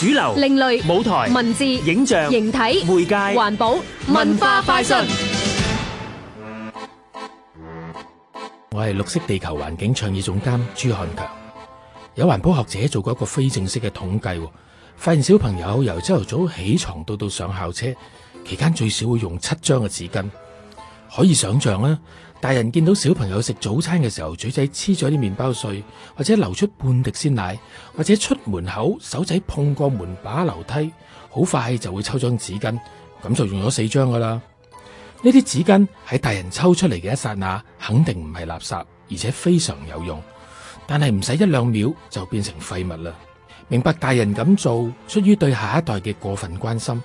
主流、另類、舞台、文字、影像、形體、媒介、環保、文化快訊。我係綠色地球環境創意總監朱漢強。有環保學者做過一個非正式嘅統計，發現小朋友由朝頭早起床到到上校車期間，最少會用七張嘅紙巾。可以想象啦，大人見到小朋友食早餐嘅時候，嘴仔黐咗啲麵包碎，或者流出半滴鮮奶，或者出門口手仔碰過門把樓梯，好快就會抽張紙巾，咁就用咗四張噶啦。呢啲紙巾喺大人抽出嚟嘅一剎那，肯定唔係垃圾，而且非常有用，但係唔使一兩秒就變成廢物啦。明白大人咁做，出於對下一代嘅過分關心。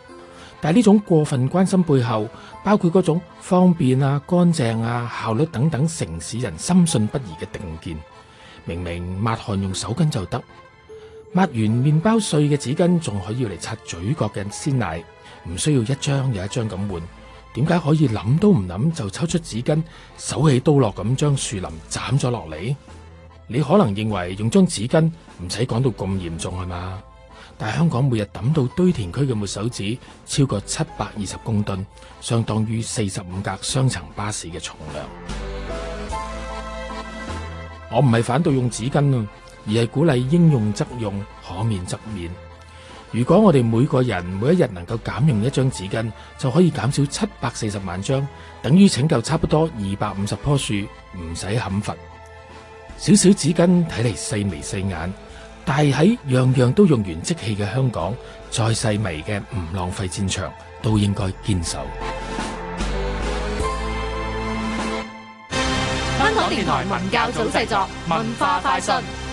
但係呢種過分關心背後，包括嗰種方便啊、乾淨啊、效率等等，城市人深信不疑嘅定見。明明抹汗用手巾就得，抹完麵包碎嘅紙巾仲可以嚟擦嘴角嘅鮮奶，唔需要一張又一張咁換。點解可以諗都唔諗就抽出紙巾，手起刀落咁將樹林斬咗落嚟？你可能認為用張紙巾唔使講到咁嚴重係嘛？是但香港每日抌到堆填區嘅抹手指超過七百二十公噸，相當於四十五格雙層巴士嘅重量。我唔係反對用紙巾啊，而係鼓勵應用則用，可免則免。如果我哋每個人每一日能夠減用一張紙巾，就可以減少七百四十萬張，等於拯救差不多二百五十棵樹，唔使砍伐。小小紙巾睇嚟細眉細眼。但係喺樣樣都用完即棄嘅香港，再細微嘅唔浪費戰場都應該堅守。香港電台文教組製作，文化快訊。